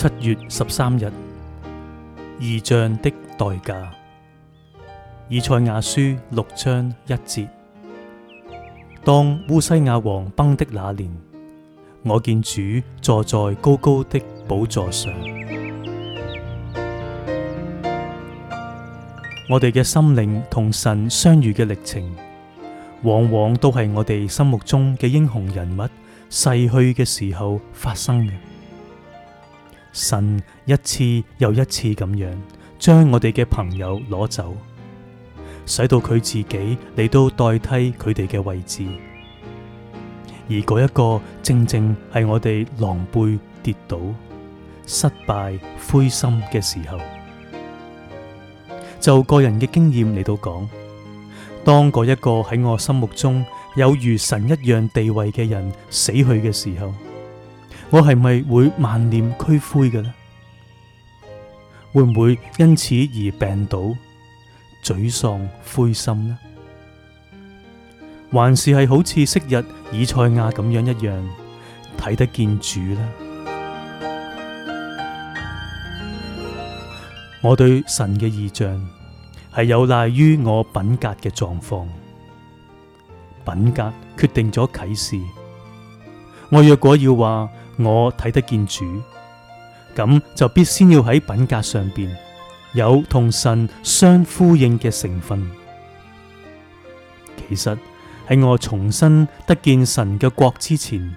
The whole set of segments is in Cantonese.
七月十三日，異象的代價。以賽亞書六章一節：當烏西亞王崩的那年，我見主坐在高高的寶座上。我哋嘅心靈同神相遇嘅歷程，往往都係我哋心目中嘅英雄人物逝去嘅時候發生嘅。神一次又一次咁樣將我哋嘅朋友攞走，使到佢自己嚟到代替佢哋嘅位置，而嗰一個正正係我哋狼狽跌倒、失敗、灰心嘅時候。就個人嘅經驗嚟到講，當嗰一個喺我心目中有如神一樣地位嘅人死去嘅時候。我係咪會萬念俱灰嘅呢？會唔會因此而病倒、沮喪、灰心呢？還是係好似昔日以賽亞咁樣一樣，睇得見主呢？我對神嘅異象係有賴於我品格嘅狀況，品格決定咗啟示。我若果要話我睇得見主，咁就必先要喺品格上邊有同神相呼應嘅成分。其實喺我重新得見神嘅國之前，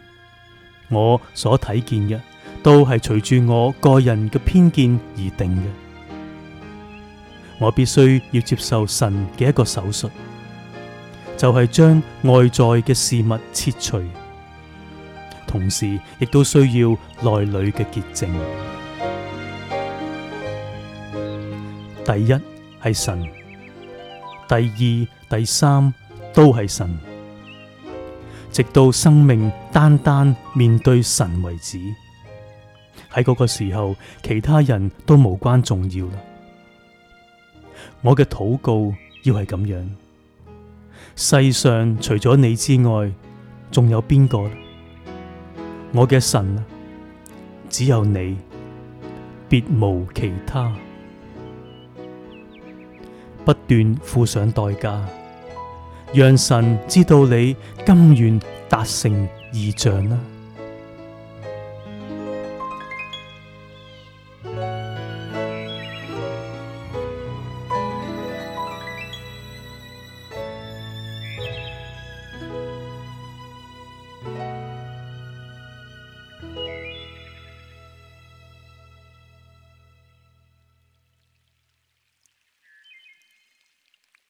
我所睇見嘅都係隨住我個人嘅偏見而定嘅。我必須要接受神嘅一個手術，就係、是、將外在嘅事物切除。同時，亦都需要內裏嘅潔淨。第一係神，第二、第三都係神，直到生命單單面對神為止。喺嗰個時候，其他人都無關重要啦。我嘅禱告要係咁樣。世上除咗你之外，仲有邊個？我嘅神只有你，別無其他。不斷付上代價，讓神知道你甘願達成異象啦。